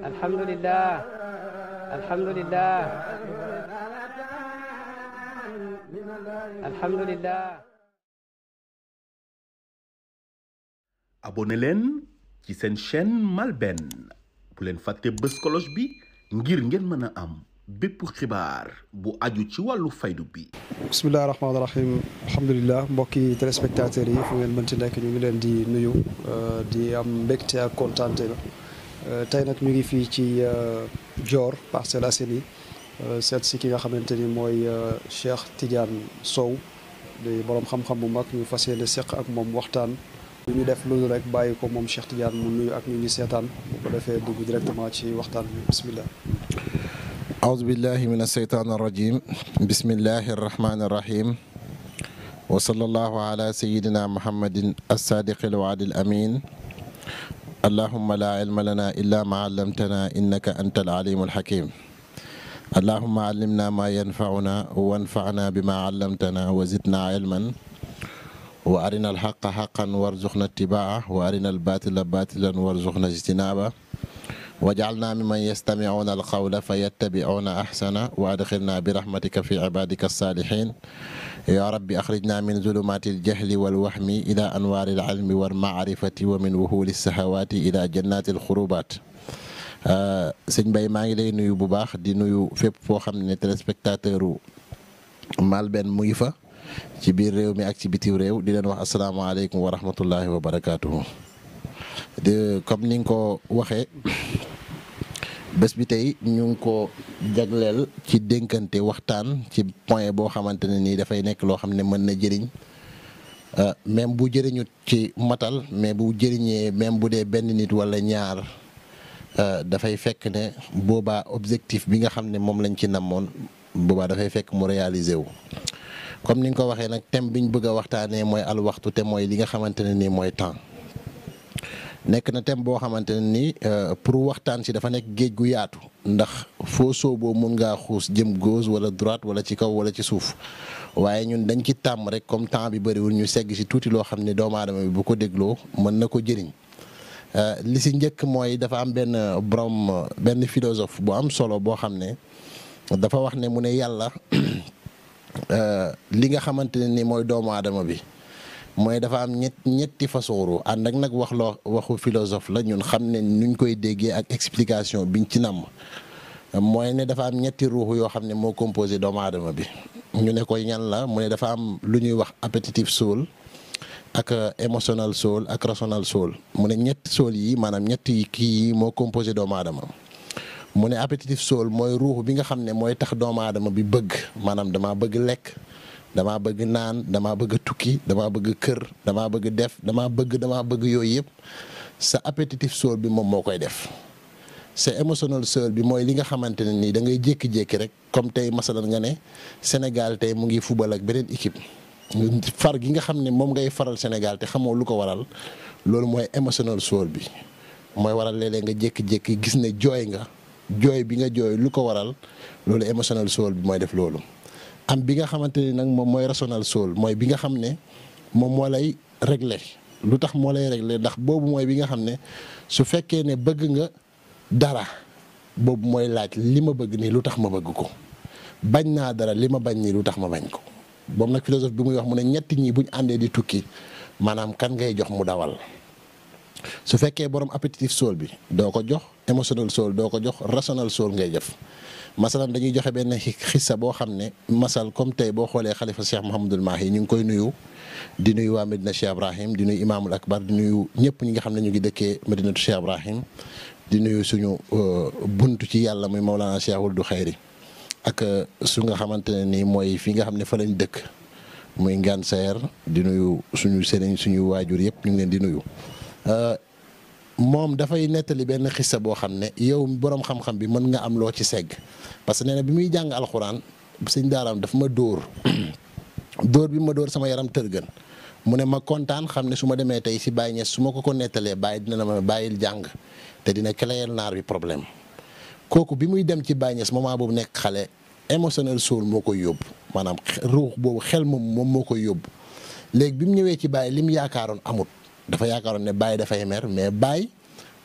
alhamdulilah alhamdulilah alhamdulilah abonné leen ci seen chaîne MALBN bu leen fàtte bës cloche bi ngir ngeen mën a am bépp xibaar bu aju ci wàllu faydu bi. bisimilah rahmaani rahim alhamdulilah mbokki téléspectateurs yi fu ngeen mënti nekk ñu ngi leen di nuyu euh, di am mbégte ak kontante la euh, tey nag ñu ngi fii ci euh, Dior Parcelles Assainies seet si ki nga xamante ni mooy Cheikh Tidiane Sow di borom xam-xam bu mag ñu fas yéene seq ak moom waxtaan. lu ñu def lu loolu rek bàyyi ko moom Cheikh Tidiane mu nuyu ak ñu ngi seetaan bu ko defee dugg directement ci waxtaan bi bisimilah. أعوذ بالله من الشيطان الرجيم بسم الله الرحمن الرحيم وصلى الله على سيدنا محمد الصادق الوعد الأمين اللهم لا علم لنا إلا ما علمتنا إنك أنت العليم الحكيم اللهم علمنا ما ينفعنا وانفعنا بما علمتنا وزدنا علما وأرنا الحق حقا وارزقنا اتباعه وأرنا الباطل باطلا وارزقنا اجتنابه waj'alnaa mimman yastami'uuna al-qawla fayattabi'uuna ahsanah wa adkhilnaa bi rahmatika fi ibaadika as-saalihiin yaa rabbi akhrijnaa min zulumaati al-jahli wal-wahmi ilaa anwaari al-'ilmi wal-ma'rifati wa min wuhuuli as-sahawaati ilaa jannaati al-xurubaat sëñ Mbaye maa ngi lay nuyu bu baax di nuyu fépp foo xam ne téléspectateur u Malben mu ngi fa ci biir réew mi ak ci bitim réew di leen wax asalaamaaleykum wa rahmatullahi wa barakaatuhu comme ni nga ko waxee. bés bi tey ñu ngi ko jagleel ci dénkante waxtaan ci point boo xamante ne nii dafay nekk loo xam ne mën na jëriñ euh, même bu jëriñut ci matal mais bu jëriñee même bu dee benn nit wala ñaar euh, dafay fekk ne boobaa objectif bi nga xam ne moom lañ ci namoon boobaa dafay fekk mu réaliser wu. comme ni nga ko waxee nag thème bi ñu bëgg a waxtaanee mooy al waxtu te mooy li nga xamante ne nii mooy temps. nekk na thème boo xamante ne nii euh, pour waxtaan si dafa nekk géej gu yaatu ndax foo sooboo mun ngaa xuus jëm gauche wala droite wala ci kaw wala ci suuf waaye ñun dañ ci tàmm rek comme temps bi bariwul ñu segg si tuuti loo xam ne doomu aadama bi bu ko dégloo mën na ko jëriñ euh, li si njëkk mooy dafa am benn borom benn philosophe bu am solo boo xam ne dafa wax ne mu ne yàlla euh, li nga xamante ne ni mooy doomu aadama bi mooy dafa am ñett ñetti façon ru ànd ak nag wax loo waxu philosophe la ñun xam ne nuñ koy déggee ak explication biñ ci namm mooy ne dafa am ñetti ruux yoo xam ne moo composé doomu aadama bi ñu ne koy ñan la mu ne dafa am lu ñuy wax appetitive soul ak emotional euh, soul ak rational soul mu ne ñetti soul yi maanaam ñetti kii yi moo composé doomu adama mu ne appetitive soul mooy ruux bi nga xam ne mooy tax doomu aadama bi bëgg maanaam dama bëgg lekk damaa bëgg naan damaa bëgg tukki damaa bëgg kër damaa bëgg def damaa bëgg damaa bëgg yooyu yëpp sa appétitif soul bi moom moo koy def sa émotionnel soul bi mooy li nga xamante ne nii da ngay jékki-jékki rek comme tey masalan nga ne Sénégal tey mu ngi fubal ak beneen équipe far gi nga xam ne moom ngay faral Sénégal te xamoo lu ko waral loolu mooy émotionnel soul bi mooy waral léeg nga jékki-jékki gis ne jooy nga jooy bi nga jooy lu ko waral loolu émotionnel soul bi mooy def loolu am bi nga xamante ni nag moom mooy rational soul mooy bi nga xam ne moom moo lay régler lu tax moo lay régler ndax boobu mooy bi nga xam ne su fekkee ne bëgg nga dara boobu mooy laaj li ma bëgg nii lu tax ma bëgg ko bañ naa dara li ma bañ nii lu tax ma bañ ko boobu nag philosophe bi muy wax mu ne ñetti ñii buñ àndee di tukki maanaam kan ngay jox mu dawal su fekkee borom appétitif soul bi doo ko jox émotionnel soul doo ko jox rationnel soul ngay jëf masalan dañuy joxe benn xissa boo xam ne masal comme tey boo xoolee xalifa Cheikh Mouhamadul Mahi ñu ngi koy nuyu di nuyu waa Medina Cheikh Ibrahim di nuyu Imaamul nuyu ñëpp ñi nga xam ne ñu ngi dëkkee Medinatu Cheikh Ibrahim di nuyu suñu euh, buntu ci yàlla muy Maulana Cheikh Wuldu Xayri ak euh, su nga xamante ne nii mooy fi nga xam ne fa lañu dëkk muy ngaan saer di nuyu suñu sëriñ suñu waajur yëpp ñu ngi leen di nuyu Euh, moom dafay nettali benn xissa boo xam ne yow boroom xam-xam bi mën nga am loo ci segg parce que nee na bi muy jàng alxuraan sëñ daaraam dafa ma dóor dóor bi ma dóor sama yaram tërgën mu ne ma kontaan xam ne su ma demee tey si Baye Niass su ma ko ko nettalee bàyyi dina ma bàyyil jàng te dina créer naar bi problème kooku bi muy dem ci Baye Niass moment boobu nekk xale émotionnel soul moo koy yóbbu maanaam ruux boobu xel moom moom moo koy yóbbu léegi bi mu ñëwee ci Baye li mu yaakaaroon amut dafa yaakaaroon ne Baye dafay mer mais Baye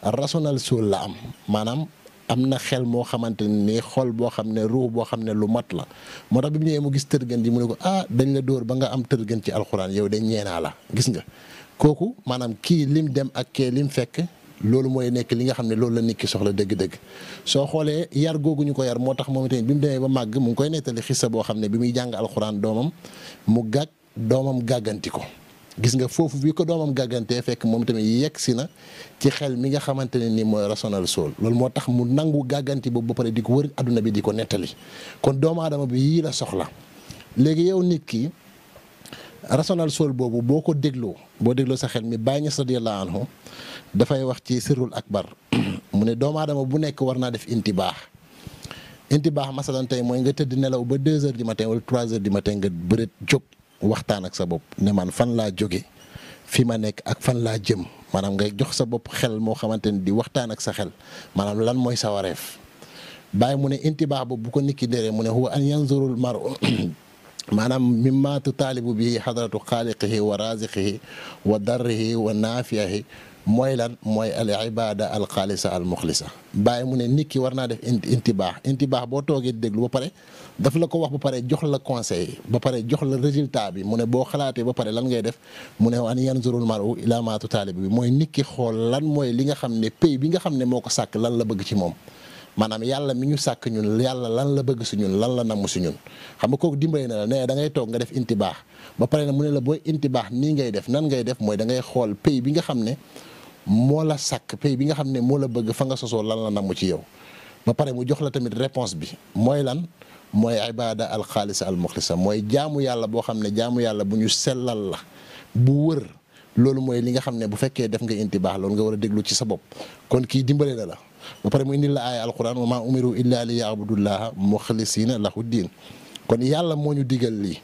rasonal suul la am maanaam am na xel moo xamante ni xol boo xam ne ruux boo xam ne lu mat la moo tax bi mu ñëwee mu gis tërgën ji mu ne ko ah dañ la dóor ba nga am tërgën ci alxuraan yow de ñeenaa la gis nga kooku maanaam kii lim dem ak kee lim fekk loolu mooy nekk li nga xam ne loolu la nekki soxla dëgg-dëgg soo xoolee yar googu ñu ko yar moo tax moom itamit bi mu demee ba màgg mu ngi koy nettali xissa boo xam ne bi muy jàng alxuraan doomam mu gàgg doomam gàgganti ko gis nga foofu bi ko doomam gàggante fekk moom tamit yegg si na ci xel mi nga xamante ne nii mooy raisonnable sol loolu moo tax mu nangu gàgganti boobu ba pare di ko wër adduna bi di ko nettali kon doomu aadama bi yii la soxla léegi yow nit ki rasonal sol boobu boo ko dégloo boo dégloo sa xel mi Baay Ñas radiyallaahu anhu dafay wax ci sirrul akbar mu ne doom aadama bu nekk war naa def inti baax intibaax intibaax masalan tey mooy nga tëdd nelaw ba 2 heures du matin wala 3 heures du nga bëreet jóg waxtaan ak sa bopp ne man fan laa jóge fi ma nekk ak fan laa jëm maanaam ngay jox sa bopp xel moo xamante ni di waxtaan ak sa xel maanaam lan mooy sa wareef mu ne intibaax boobu bu ko nit ki mu ne huwa an yanzurul mar maanaam mimma tutaalibu bi xadratu xaaliqihi wa raziqihi wa darrihi wa naafiyahi mooy lan mooy al ibada al xaalisa al muxlisa bàyyi mu ne nit ki war naa def intibaax intibaax boo toogee déglu ba pare daf la ko wax ba pare jox la conseil ba pare jox la résultat bi mu ne boo xalaatee ba pare lan ngay def mu ne waan yanzurul maru ila maatu taalib bi mooy ki xool lan mooy xam ne pays bi nga xam ne moo ko sàkk lan la bëgg ci moom maanaam yàlla mi ñu sàkk ñun yàlla lan la bëgg su ñun lan la namm su ñun xam nga kooku dimbali na la nee da toog nga def inti baax ba pare na mu ne la booy inti baax nii ngay def nan ngay def mooy da ngay xool pays bi nga xam ne moo la sàkk pays bi nga xam ne moo la bëgg fa nga sosoo lan la namm ci yow ba tamit réponse bi mooy lan mooy ibada al xaalisa al muxlisa mooy jaamu yàlla boo xam ne jaamu yàlla bu ñu sellal la bu wër loolu mooy li nga xam ne bu fekkee def nga intibaax loolu nga war a déglu ci sa bopp kon kii dimbali na la ba pare mu indil la aaya alquran wa maa umiru illa li yaabudullaha muxlisina lahu diin kon yàlla moo ñu digal li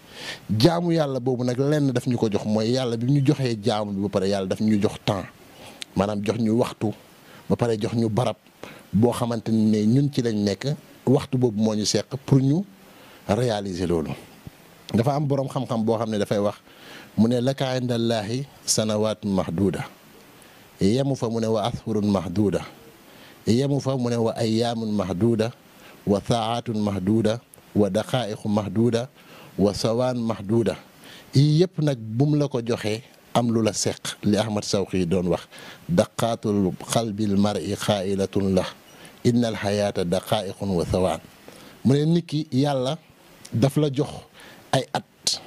jaamu yàlla boobu nag lenn daf ñu ko jox mooy yàlla bi ñu joxee jaamu bi ba pare yàlla daf ñu jox temps maanaam jox ñu waxtu ba pare jox ñu barab boo xamante ne ñun ci lañ nekk waxtu boobu moo ñu seq pour ñu réaliser loolu dafa am boroom xam-xam boo xam ne dafay wax mu ne laka indallaahi sanawaat mahduuda yemu fa mu ne wa ashurun mahduuda yemu fa mu ne wa ayyaamun mahduuda wa saaatun mahduuda wa daqaa'iqu mahduuda wa sawaan mahduuda yii yëpp nag bum la ko joxee am lu la seq li Ahmad Sawqi doon wax daqaatul qalbil mar'i xaa'ilatun la innal xayaata daqaa'iqun wa thawaan mu ne nit yàlla daf la jox ay at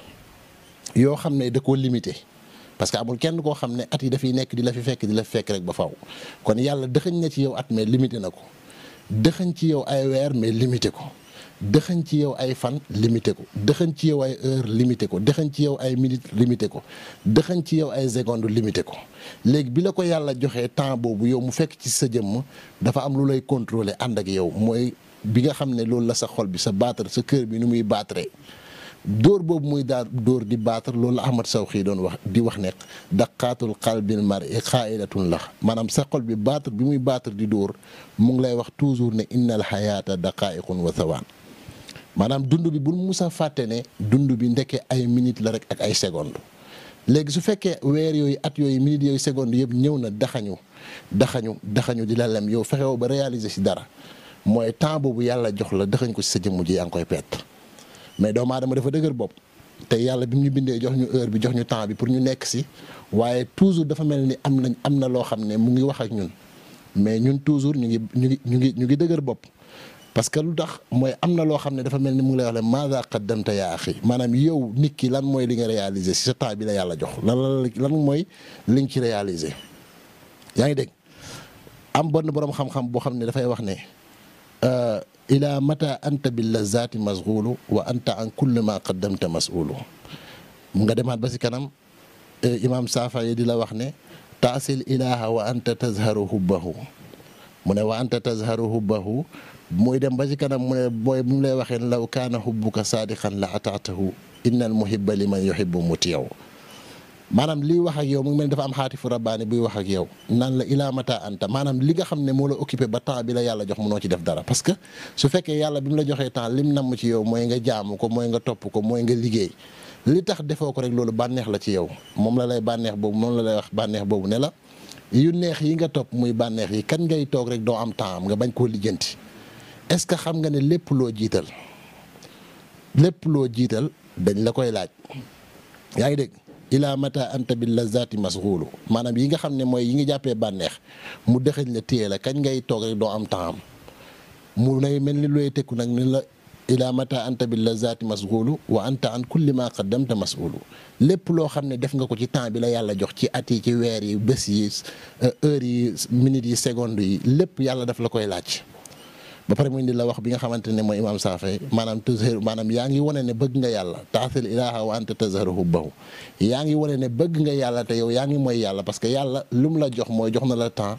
yoo xam ne da koo limité parce que amul kenn koo xam ne at yi dafiy nekk di la fi fekk di la fi fekk rek ba faw kon yàlla dëxëñ na ci yow at mais limité na ko dëxëñ ci yow ay weer mais limité ko dëxañ ci yow ay fan limité ko dëxañ ci yow ay heure limité ko dëxañ ci yow ay minute limité ko dëxañ ci yow ay seconde limité ko léegi bi la ko yàlla joxee temps boobu yow mu fekk ci sa jëmm dafa am lu lay contrôler ànd ak yow mooy bi nga xam ne loolu la sa xol bi sa battre sa kër bi nu muy battre dóor boobu muy daal dóor di battre loolu la saw Sawxi doon wax di wax ne daqaatul qalbil mar'i xaa'ilatun la maanaam sa xol bi battre bi muy battre di dóor mu ngi lay wax toujours ne innal xayaata daqaa'iqun wa thawaan maanaam dund bi bul musa fàtte ne dund bi ndekkee ay minutes la rek ak ay secondes léegi su fekkee weer yooyu at yooyu minutes yooyu secondes yëpp ñëw na daxañu daxañu daxañu di la lem yow fexew ba réaliser si dara mooy temps boobu yàlla jox la daxañ ko si sa jëmm ji yaa ngi koy pett mais doomu aadama dafa dëgër bopp te yàlla bi mu ñu bindee jox ñu heure bi jox ñu temps bi pour ñu nekk si waaye toujours dafa mel ni am nañ am na loo xam ne mu ngi wax ak ñun mais ñun toujours ñu ngi ñu ngi ñu ngi ñu ngi dëgër bopp parce que lu tax mooy am na loo xam ne dafa mel ni mu ngi lay wax le maada qaddamta yaa axi maanaam yow nit ki lan mooy li nga réalisé si sa temps bi la yàlla jox lan lan mooy li nga ci réalisé yaa ngi dégg am benn boroom xam-xam boo xam ne dafay wax ne euh, ila mata anta bi lazati wa anta nga demaat ba si kanam euh, imaam saafa di la wax ne taasil ilaha wa anta tazharu hubbahu mu wa anta tazharu hubbahu muy dem ba ci kanam mu ne booy bu mu lay waxee law kaana hubbuka saadiqan la ataatahu innal muhibba liman yuhibbu mutiyaw maanaam liy wax ak yow mu ngi mel ni dafa am xaatifu rabbaani wax ak yow naan la ilaa mata anta maanaam li nga xam ne moo la occupé ba temps bi la yàlla jox mënoo ci def dara parce que su fekkee yàlla bi mu la joxee temps lim namm ci yow mooy nga jaamu ko mooy nga topp ko mooy nga liggéey li tax defoo ko rek bànneex la ci yow moom la lay bànneex boobu moom la lay wax bànneex boobu ne la yu neex yi nga topp muy bànneex yi kan ngay toog rek doo am temps am nga bañ koo lijjanti est-ce que xam nga ne lépp loo jiital lépp loo jiital dañ la koy laaj yaa ngi dégg ilaa mata anta bi lazati masghulu maanaam yi nga xam ne mooy yi nga jàppee bànneex mu dëxëñ la téye la kañ ngay toog rek doo am temps mu nay mel ni looy tekku nag ni la ilaa mata anta bi lazati masghulu wa anta an kulli ma qaddamta mas'ulu lépp loo xam ne def nga ko ci temps bi la yàlla jox ci at yi ci weer yi bés yi euh, heures yi minutes yi secondes yi lépp yàlla daf la koy laaj ba pare mu indi la wax bi nga xamante ne mooy imaam Saafé maanaam tazhar maanaam yaa ngi wane ne bëgg nga yàlla taasil ilaaha wa anta tazharu hubbahu yaa ngi wane ne bëgg nga yàlla te yow yaa ngi mooy yàlla parce que yàlla lu mu la jox mooy jox na la temps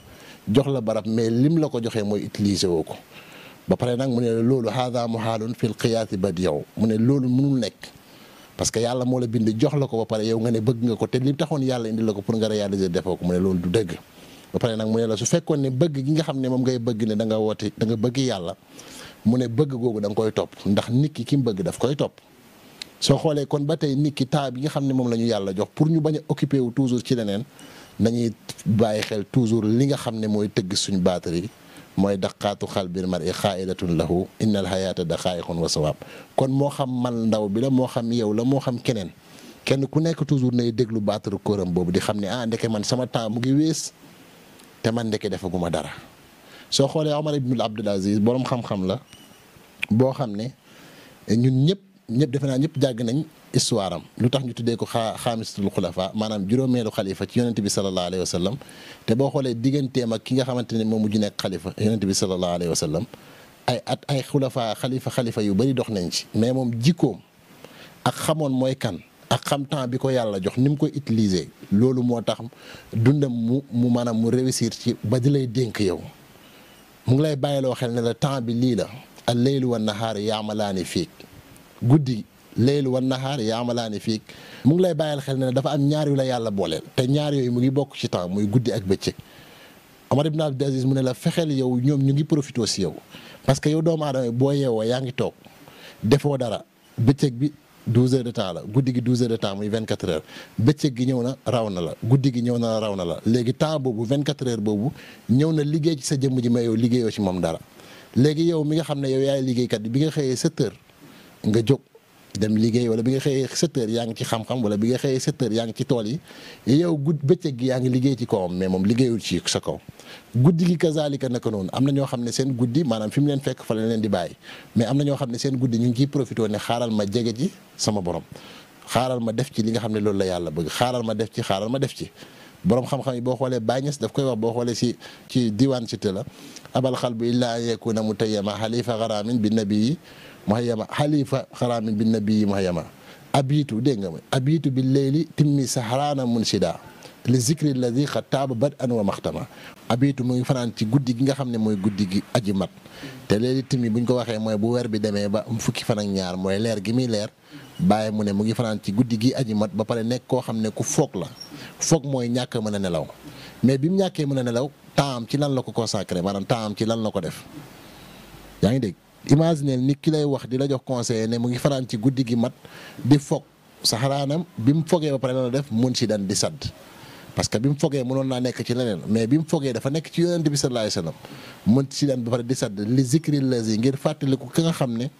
jox la barab mais lim la ko joxee mooy utiliser woo ko ba pare nag mu ne loolu haada muhaalun fil ba badiiw mu ne loolu mënul nekk parce que yàlla moo la bind jox la ko ba pare yow nga ne bëgg nga ko te li taxoon yàlla indi la ko pour nga réaliser defoo ko mu loolu du dëgg ba pare nag mu ne la su fekkoon ne bëgg gi nga xam ne moom ngay bëgg ne danga nga woote da nga bëgg yàlla mu ne bëgg googu danga koy topp ndax nit ki ki mu bëgg daf koy topp. soo xoolee kon ba tey nit ki temps bi nga xam ne moom la ñu yàlla jox pour ñu bañ a wu toujours ci leneen nañuy bàyyi xel toujours li nga xam ne mooy tëgg suñu batterie mooy daqaatu xal bir mar i xaaidatun lahu innal hayaata daqaayiqun wa sawaab kon moo xam man ndaw bi la moo xam yow la moo xam keneen kenn ku nekk toujours nay déglu batterie kóoram boobu di xam ne ah ndeke man sama temps mu ngi wees te man ndeke defaguma dara soo xoolee Omar ibnul Abdul Aziz borom xam-xam la boo xam ne ñun ñëpp ñëpp defe naa ñëpp jàgg nañ histoire am lu tax ñu tuddee ko xaa xaamisatul xulafa maanaam juróomeelu xalifa ci yonente bi salallahu alayhi wa sallam te boo xoolee digganteem ak ki nga xamante ne moom mujj nekk xalifa yonente bi salallahu alayhi wa sallam ay at ay xulafa xalifa xalifa yu bëri dox nañ ci mais moom jikkoom ak xamoon mooy kan ak xam temps bi ko yàlla jox ni mu koy utiliser loolu moo tax dundam mu mu maanaam mu réussir ci ba di lay dénk yow mu ngi lay bàyyiloo xel ne la temps bi lii la al leylu wan nahaar yaamalaani fiik guddi leylu wan nahaar yaamalaani fiik mu ngi lay bàyyil xel ne dafa am ñaar la yàlla booleel te ñaar yooyu mu ngi bokk ci temps muy guddi ak bëccëg Omar ibn Abdul Aziz mu ne la fexeel yow ñoom ñu ngi profité si yow parce que yow doomu aadama boo yeewoo yaa ngi toog defoo dara bëccëg bi 12 heures de temps la guddi gi 12 heures de temps muy 24 heures bëccëg gi ñëw na raw na la guddi gi ñëw na raw na la léegi temps boobu vingt 24 heures boobu ñëw na liggéey ci sa jëmm ji mais yow liggéeyoo ci moom dara léegi yow mi nga xam ne yow yaay liggéeykat bi nga xëyee 7 nga jóg. dem liggéey wala bi nga xëyee 7 yaa ngi ci xam-xam wala bi nga xëyee 7 yaa ngi ci tool yi yow gudd bëccëg gi yaa ngi liggéey ci kawam mais moom liggéeyul ci sa kaw guddi gi kazalika nekk noonu am na ñoo xam ne seen guddi maanaam fi mu leen fekk fa la leen di bàyyi mais am na ñoo xam ne seen guddi ñu ngi ciy profité ne xaaral ma jege ji sama borom xaaral ma def ci li nga xam ne loolu la yàlla bëgg xaaral ma def ci xaaral ma def ci borom xam-xam yi boo xoolee bàñes daf koy wax boo xoolee si ci diwaan cité la abal xal bu illaa an na mu tayyama xalifa xaraamin bi nabii muhayyama xalifa xaraamin bi nabii muhayyama abiitu dégg nga ma abiitu bi leyli timmi sahraana munsida li zikri alladi xa taaba bad an wa maxtama abiitu mu ngi fanaan ci guddi gi nga xam ne mooy guddi gi aji mat te léegi tamit bu ñu ko waxee mooy bu weer bi demee ba fukki fan ñaar mooy leer gi muy leer bàyyi mu ne mu ngi fanaan ci guddi gi aji mat ba pare nekk koo xam ne ku foog la foog mooy ñàkk mën a nelaw mais bi mu ñàkkee mën a nelaw temps ci lan la ko consacré maanaam temps am ci lan la ko def yaa ngi dégg. imaginer nit ki lay wax di la jox conseiller ne mu ngi fanaan ci guddi gi mat di foog saxaraanam bi mu fogee ba pare la def mun ci dan di sadd parce que bi mu fogee mënoon naa nekk ci leneen mais bi mu foogee dafa nekk ci yonent bi sallallahu alayhi wasallam mun si dan ba pare di sadd li zikri lazi ngir fàttaliku ki nga xam ne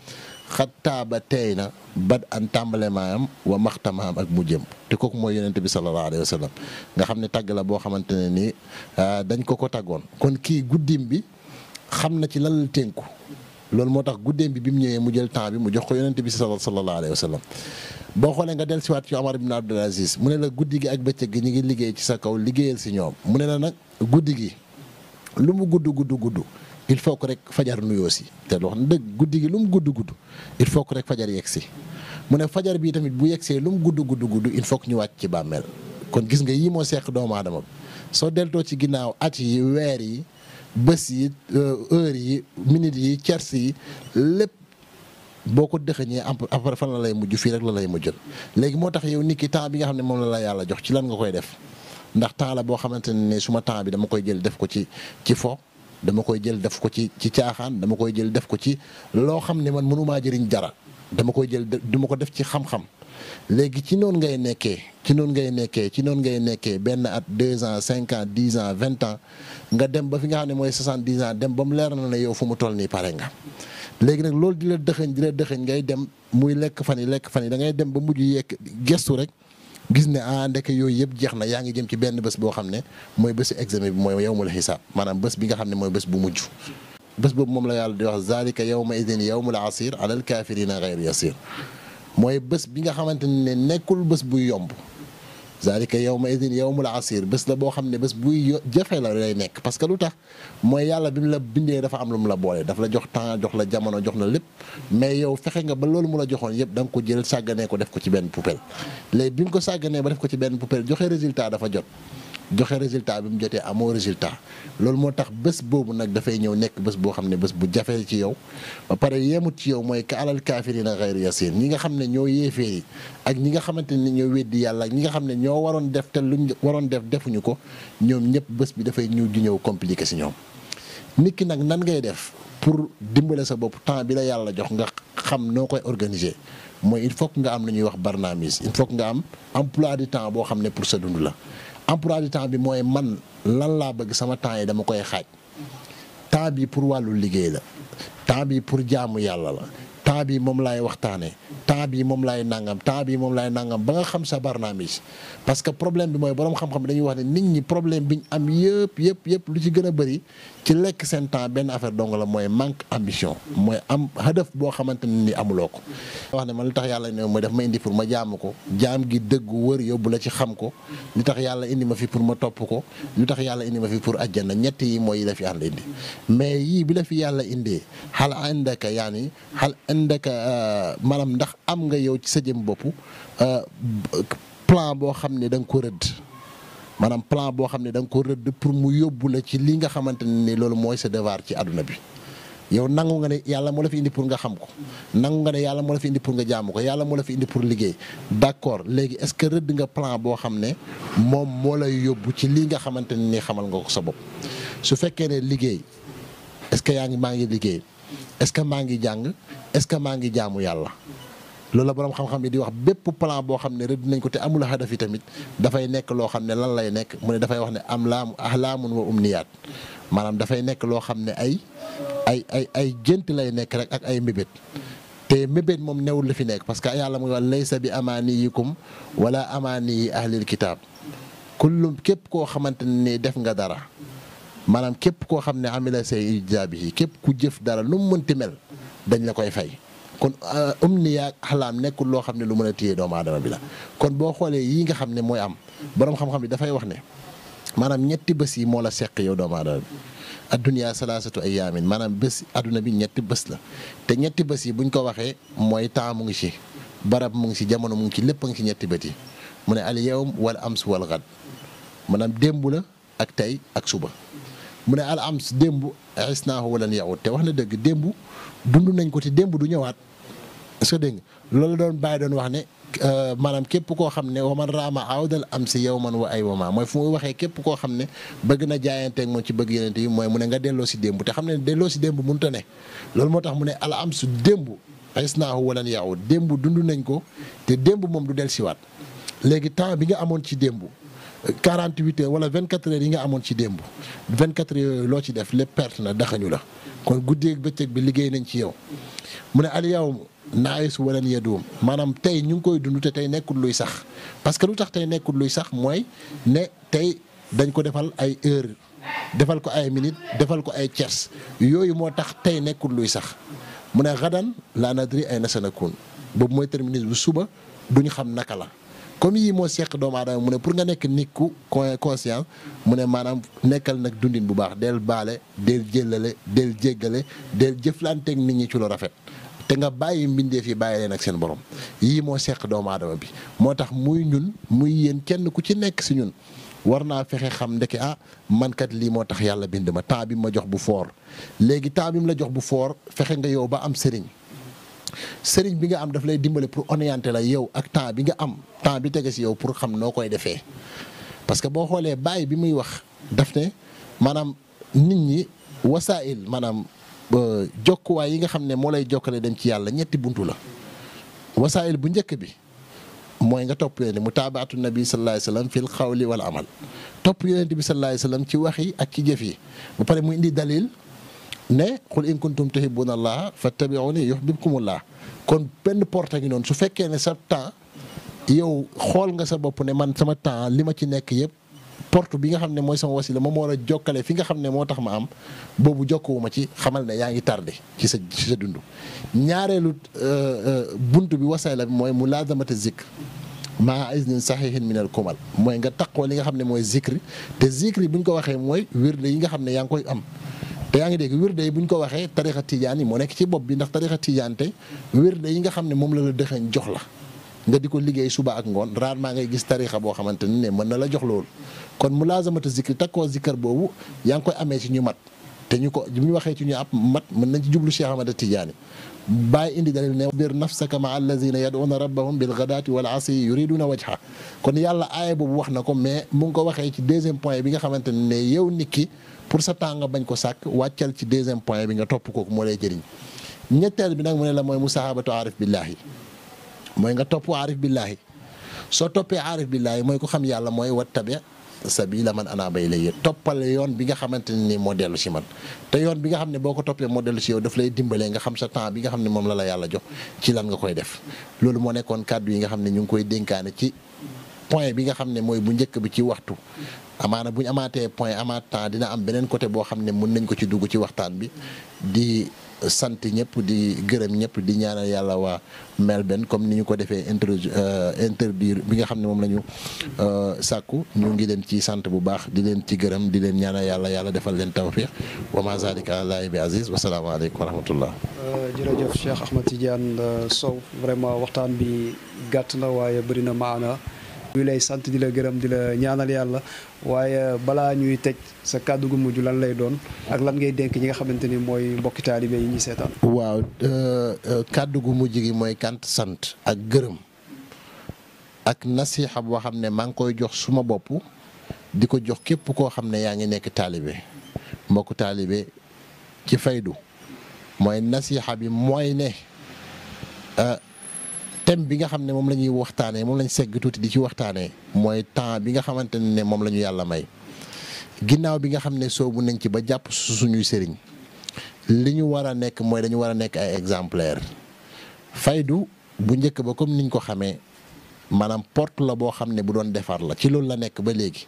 xattaa ba teey na ba an tàmbalemaayam wa maxtamaam ak jëm te kook mooy yonente bi sallallahu alayhi wa sallam nga xam ne tàgg la boo xamante ne nii ah, dañ ko ko taggoon kon kii guddim bi xam na ci lan la tënku loolu moo tax guddeem bi bi mu ñëwee mu jël temps bi mu jox ko yonente bi sallallahu alayhi wa sallam boo xoolee nga del siwaat ci Omar ibn Abdul Aziz mu ne la guddi gi ak bëccëg gi ñu ngi liggéey ci sa kaw liggéeyal si ñoom mu ne la nag guddi gi lu mu gudd gudd gudd il faut que rek fajar nuyoo si te doo xam ne dëgg guddi gi lu mu gudd gudd il faut que rek fajar yegg si mu ne fajar bii tamit bu yegsee lu mu gudd gudd gudd il faut que ñu wàcc ci bàmmeel kon gis nga yii moo seq doomu aadama bi soo deltoo ci ginnaaw at yi weer yi bës yi euh, heure yi minute yi cers yi lépp boo ko dëxëñee après fan la lay mujj fii rek la lay mujjal léegi moo tax yow nit ki temps bi nga xam ne moom la la yàlla jox ci lan nga koy def ndax temps la boo xamante ne suma temps bi dama koy jël def ko ci ci fo dama koy jël def ko ci ci caaxaan dama koy jël def ko ci loo xam ne man mënumaa jëriñ dara dama koy jël duma ko def ci xam-xam léegi ci noonu ngay nekkee ci noonu ngay nekkee ci noonu ngay nekkee benn at deux ans cinq ans dix ans vingt ans nga dem ba fi nga xam ne mooy soixante-dix ans dem ba mu leer na yow fu mu toll nii pare nga léegi nag loolu di la dëxëñ di la dëxëñ ngay dem muy lekk fan yi lekk fan yi da ngay dem ba mujj yekk gestu rek gis ne ah ndeke yooyu yëpp jeex na yaa ngi jëm ci benn bés boo xam ne mooy bésu examen bi mooy yawmul xisaab maanaam bés bi nga xam ne mooy bés bu mujj bés boobu moom la yàlla di wax zalika yawma ma yawmul asir alal kafirina gayru yasir mooy bés bi nga xamante ne nekkul bés buy yomb zalika yawma idin yawmul asir bés la boo xam ne bés buy jafe la lay nekk parce que lu tax mooy yàlla bi mu la bindee dafa am lu mu la boole daf la jox temps jox la jamono jox na lépp mais yow fexe nga ba loolu mu la joxoon yëpp da nga ko jël sàgganee ko def ko ci benn poubelle léegi bi nga ko sàgganee ba def ko ci benn poubelle joxe résultat dafa jot joxe résultat bi mu jotee amoo résultat loolu moo tax bés boobu nag dafay ñëw nekk bés boo xam ne bés bu jafee ci yow ba pare yemut ci yow mooy ka alal kaafirina xayru yasiir ñi nga xam ne ñoo yéefee yi ak ñi nga xamante ni ñoo weddi yàlla ñi nga xam ne ñoo waroon def te luñ waroon def defuñu ko ñoom ñëpp bés bi dafay ñëw ju ñëw compliqué si ñoom nit ki nag nan ngay def pour dimbale sa bopp temps bi la yàlla jox nga xam noo koy organiser mooy il faut nga am lu ñuy wax barnaamis il faut que nga am emploi du temps boo xam ne pour sa dund la emploi du temps bi mooy man lan laa bëgg sama temps yi dama koy xaaj temps bi pour wàllu liggéey la temps bii pour jaamu yàlla la temps bi moom laay waxtaanee temps bi moom laay nangam temps bi moom laay nangam ba nga xam sa barnaamis parce que problème bi mooy borom xam-xam dañuy wax ne nit ñi problème bi ñu am yëpp yëpp yëpp lu ci gën a bëri ci seen temps benn affaire dong la mooy manque ambition mooy am hadaf boo xamante ne ni amuloo ko. wax ne man li tax yàlla ne mooy daf ma indi pour ma jaamu ko jaam gi dëgg wër yóbbu la ci xam ko li tax yàlla indi ma fi pour ma topp ko li tax yàlla indi ma fi pour àjjana ñett yi mooy yi la fi mais yii bi la fi yàlla indee xal àndaka yaani xal indaka euh, maanaam ndax am nga yow ci sa jëm bopp euh, plan boo xam ne da nga ko rëdd maanaam plan boo xam ne da nga ko rëdd pour mu yóbbu la ci li nga xamante ne ni loolu mooy sa devoir ci àdduna bi yow nangu nga ne yàlla moo la fi indi pour nga xam ko nangu yàlla moo la fi indi pour nga jaamu ko yàlla moo la fi indi pour liggéey d'accord léegi est-ce que rëdd nga plan boo xam ne moom moo lay yóbbu ci lii nga xamante ne ni xamal nga ko sa bopp su fekkee ne liggéey est yaa ngi maa ngi liggéey est-ce que maa ngi jàng est-ce que maa ngi jaamu yàlla loolu boroom borom xam-xam yi di wax bépp plan boo xam ne rëdd nañ ko te amul hadaf yi tamit dafay nekk loo xam ne lan lay nekk mu ne dafay wax ne am laamu ahlaamun wa umniyaat maanaam dafay nekk loo xam ne ay ay ay ay gént lay nekk rek ak ay mbébét te mébét moom newul la fi nekk parce que yàlla muy wax laysa bi ni amaaniyikum wala amaaniyi ahlil kitaab kullum képp koo xamante ne def nga dara maanaam képp koo xam ne amila say ijaabi yi képp ku jëf dara lu mu mënti mel dañ la koy fay kon euh, um ni yaa axlaam nekkul loo xam ne lu mën a téye doomu aadama bi la kon boo xoolee yii nga xam ne mooy am borom xam-xam bi dafay wax ne maanaam ñetti bés yi moo la doomu aadama bi adduniyaa salaasatu ayaamin maanaam bés adduna bi ñetti bés la te ñetti bés yi buñ ko waxee mooy temps mu ngi ci barab mu ngi ci jamono mu ngi ci lépp a ngi ci ñetti bët yi mu ne al yawm wal ams wal ghad maanaam démb la ak tey ak suba mu ne am su démb xis naahu walan yawut te wax na dëgg démb dund nañ ko te démb du ñëwaat est dégg loolu doon bàyyi doon wax ne euh, maanaam képp koo xam ne waman raama awdal am si yow man wa ay wama mooy fu waxee képp koo xam ne bëgg na jaayanteeg moom ci bëgg yenente yi mooy mu ne nga delloo si démb te xam ne delloo si démb ne loolu moo tax mu ne al am su démb xis naahu walan yawut démb dund nañ ko te démb moom du del siwaat léegi temps bi nga amoon ci démb 48 heures wala 24 heures yi nga amoon ci démb 24 heures yooyu loo ci def lépp perte na daxañu la kon guddeeg bëccëg bi liggéey nañ ci yow mu ne al yawm naayisu walan yaduum maanaam tey ñu ngi koy dund te tey nekkul luy sax parce que lu tax tey nekkut luy sax mooy ne tey dañ ko defal ay heure defal ko ay minute defal ko ay tiers yooyu moo tax tey nekkul luy sax mu ne xadan laa nadri ay nasanakun boobu mooy terminus bu suba duñu xam naka la comme yii moo seq doomu aadama mu ne pour nga nekk nit ku conscient mu ne maanaam nekkal nag dundin bu baax del baale del jëllale del jéggale del jëflanteeg nit ñi ci rafet te nga bàyyi mbindeef yi bàyyi leen ak seen borom yii moo seq doomu aadama bi moo tax muy ñun muy yéen kenn ku ci nekk si ñun war naa fexe xam ndeke ah man kat lii moo tax yàlla bind ma temps bi ma jox bu foor léegi temps bi mu la jox bu foor fexe nga yow ba am sëriñ sëriñ bi nga am daf lay dimbale pour orienter la yow ak temps bi nga am temps bi tege si yow pour xam noo koy defee parce que boo xoolee bàyyi bi muy wax daf ne maanaam nit ñi wasaa'il maanaam euh, jokkuwaay yi nga xam ne moo lay jokkale dem ci yàlla ñetti buntu la wasaa'il bu njëkk bi mooy nga topp yonent mu taabaatu nabi sallallahu alayhi wasallam fil xawli wala amal topp yonent bi sallallahu alayhi ci wax yi ak ci jëf yi ba pare mu indi dalil ne xul in kuntum tuhibbuna allaha fattabi'uni laa kon benn porte gi noonu su fekkee ne sa temps yow xool nga sa bopp ne man sama temps li ma ci nekk yëpp porte bi nga xam ne mooy sama wasila moom moo war a jokkale fi nga xam ne moo tax ma am boobu jokkuwuma ci xamal ne yaa ngi tardé ci sa ci dund. ñaareelu euh, euh, bunt bi wasayla bi mooy mu laazamata zikr maa isnin saxihin min al kumal mooy nga taqoo li nga xam ne mooy zikri te zikri buñ ko waxee mooy wirde yi nga xam ne yaa ngi koy am. yaa ngi dégg wirde yi bu ñu ko waxee tarixa tijaan yi moo nekk ci bopp bi ndax tarixa tijaan te wirde yi nga xam ne moom la la dëxañ jox la nga di ko liggéey suba ak ngoon rarement ngay gis tarixa boo xamante ne mën na la jox loolu kon mu laazamata zikri takkoo zikkar boobu yaa ngi koy amee ci ñu mat te ñu ko bu ñu waxee ci ñu ab mat mën nañ ci jublu Cheikh Ahmada Tidiane bàyyi indi dalil ne bir nafsaka ma allazina yaduuna rabbahum bil gadaati wal asi yuriduna wajha kon yàlla aaya boobu wax na ko mais mu ngi ko waxee ci deuxième point bi nga xamante ne yow nit ki pour sa temps bañ ko sàkk wàccal ci deuxième point bi nga topp kooku moo lay jëriñ ñetteel bi nag mu la mooy musahabatu aarif billaahi mooy nga topp aarif billaahi soo toppee aarif billaahi mooy ko xam yàlla mooy wattabe sa sabila man anaaba ilayya toppale yoon bi nga xamante ne nii moo dellu si man te yoon bi nga xam ne boo ko toppee moo dellu si yow daf lay dimbalee nga xam sa temps bi nga xam ne moom la la yàlla jox ci lan nga koy def loolu moo nekkoon kàddu yi nga xam ne ñu ngi koy dénkaane ci point bi nga xam ne mooy bu njëkk bi ci waxtu amaana bu ñu amaatee point temps dina am beneen côté boo xam ne mën nañ ko ci dugg ci waxtaan bi di sant ñëpp di gërëm ñëpp di ñaanal yàlla waa Melbourne comme ni ñu ko defee inter euh, interdire bi nga xam ne moom la ñu euh, sàkku ñu ngi leen ci sant bu baax di leen ci gërëm di leen ñaanal yàlla yàlla defal leen tawfiq wa ma zalika alaahi bi aziz wasalaamaaleykum wa rahmatullah euh, jërëjëf Cheikh Ahmad Tidiane Sow vraiment waxtaan bi gàtt na waaye bëri na maana ñu lay sant di la gërëm di la ñaanal yàlla waaye balaa ñuy tëj sa kàddu gu mujj lan lay doon ak lan ngay dénk ñi nga xamante ni mooy mbokki taalibe yi ñuy seetaan. waaw euh, euh, kàddu gu mujj gi mooy kant sant ak gërëm ak nasiixa boo xam ne maa ngi koy jox suma bopp di ko jox képp koo xam ne yaa ngi nekk taalibe mbokku taalibe ci faydu mooy nasiixa bi mooy ne. Euh, thème bi nga xam ne moom lañuy waxtaanee moom la ñu segg tuuti di ci waxtaanee mooy temps bi nga xamante ne moom la ñu yàlla may ginnaaw bi nga xam ne soobu nañ ci ba jàpp suñuy sëriñ li ñu war a nekk mooy dañu war a nekk ay exemplaire faydu bu njëkk ba comme niñ ko xamee maanaam porte la boo xam ne bu doon defar la ci loolu la nekk ba léegi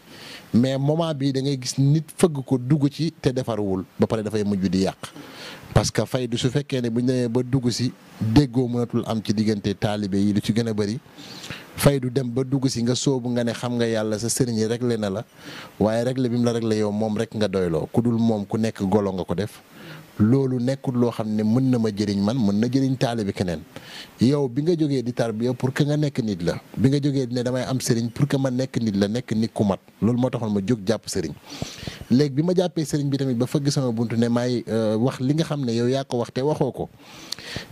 mais moment bii da ngay gis nit fëgg ko dugg ci te defarwul ba pare dafay mujj di yàq parce que faydu su fekkee ne bu ñëwee ba dugg si déggoo mënatul am ci diggante taalibe yi lu ci gën a bëri faydu dem ba dugg si nga sóobu nga ne xam nga yàlla sa sëriñ yi réglé na la waaye le bi mu la réglé yow moom rek nga doyloo ku dul moom ku nekk golo nga ko def loolu nekkul loo xam ne mën na ma jëriñ man mën na jëriñ taalibe keneen yow bi nga jógee di tarbiya pour que nga nekk nit la bi nga jógee di ne damay am sëriñ pour que ma nekk nit la nekk nit ku mat loolu moo taxoon ma jóg jàpp sëriñ léegi bi ma jàppee sëriñ bi tamit ba fëgg sama buntu ne maay euh, wax li nga xam ne yow yaa ko wax waxoo ko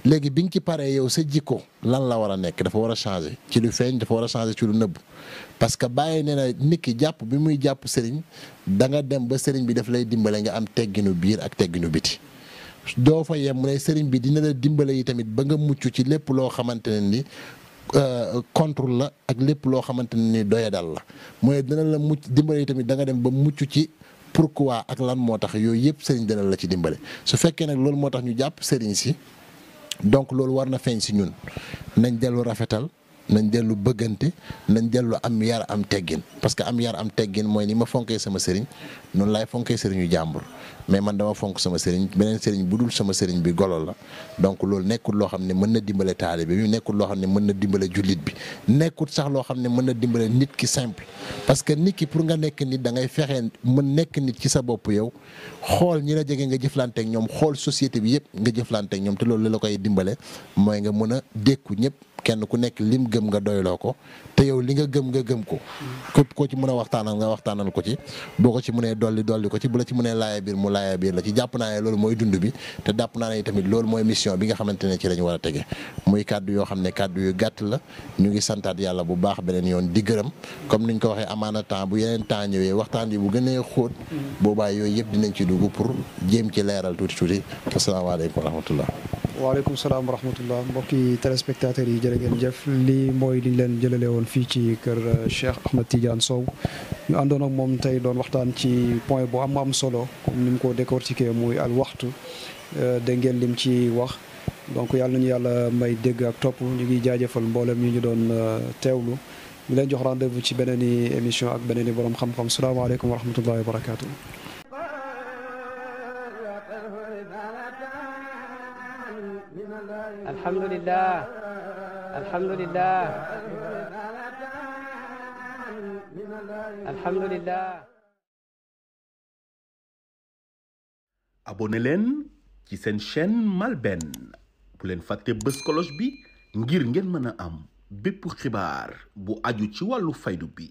léegi bi nga ci paree yow sa jikko lan la war a nekk dafa war a changer ci lu feeñ dafa war a changer ci lu nëbb parce que bàyyi nee na nit ki jàpp bi muy jàpp sëriñ da nga dem ba sëriñ bi daf lay dimbale nga am tegginu biir ak tegginu biti doo fa yem mu ne sëriñ bi dina la dimbale yi tamit ba nga mucc ci lépp loo xamante ne ni euh, contre la ak lépp loo xamante ne ni doya dal la mooy dina la mucc dimbale yi tamit da nga dem ba mucc ci pour pourquoi ak lan moo tax yooyu yëpp sëriñ dina la ci dimbale su fekkee nag loolu moo tax ñu jàpp sëriñ si donc loolu war na feeñ si ñun nañ dellu rafetal nañ dellu bëggante nañ dellu am yar am teggin parce que am yar am teggin mooy ni ma fonkee sama sëriñ noonu laay fonkee sëriñu jàmbur mais man dama fonk sama sëriñ beneen sëriñ bu dul sama sëriñ bi golo la donc loolu nekkul loo xam ne mën na dimbale taalibe bi nekkul loo xam ne mën na dimbale jullit bi nekkul sax loo xam ne mën na dimbale nit ki simple parce que nit ki pour nga nekk nit da ngay fexe mën nekk nit ci sa bopp yow xool ñi la jege nga jëflante ak ñoom xool société bi yëpp nga jëflante ñoom te loolu la koy dimbale mooy nga mën a dékku ñëpp kenn ku nekk lim gëm nga doyloo ko te yow li nga gëm nga gëm ko képp koo ci mën a waxtaanal nga waxtaanal ko ci boo ko ci mënee dolli dolli ko ci bu la ci mënee laaya biir mu laaya biir la ci jàpp naa ne loolu mooy dund bi te jàpp naa ne loolu mooy mission bi nga xamante ci la ñu tege muy kàddu yoo xam ne kàddu yu gàtt la ñu ngi santaat yàlla bu baax beneen yoon di gërëm comme niñ ko waxee amaana temps bu yeneen temps ñëwee waxtaan yi bu gënee xóot boobaa yooyu yëpp dinañ ci dugg pour jéem ci leeral tuuti tuuti asalaamaaleykum wa rahmatullah waaleykum salaam jërë ngeen jëf lii mooy liñ leen jëlale woon fii ci kër euh, Cheikh Ahmed Tidiane Sow ñu àndoon ak moom tey doon waxtaan ci point bu am am solo comme ni mu ko décortiquer muy al waxtu euh, dégg ngeen lim ci wax donc yàlla nañu yàlla may dégg ak topp ñu ngi jaajëfal mboolem ñu ñu doon euh, teewlu ñu leen jox rendez-vous ci beneen i émission ak beneen i borom xam-xam salaamaaleykum wa rahmatullahi wa barakaatu. alhamdulillah alhamdulillah alhamdulillah abonné leen ci seen chaîne MALBN bu leen fàtte bës bi ngir ngeen mën a am bépp xibaar bu aju ci wàllu faydu bi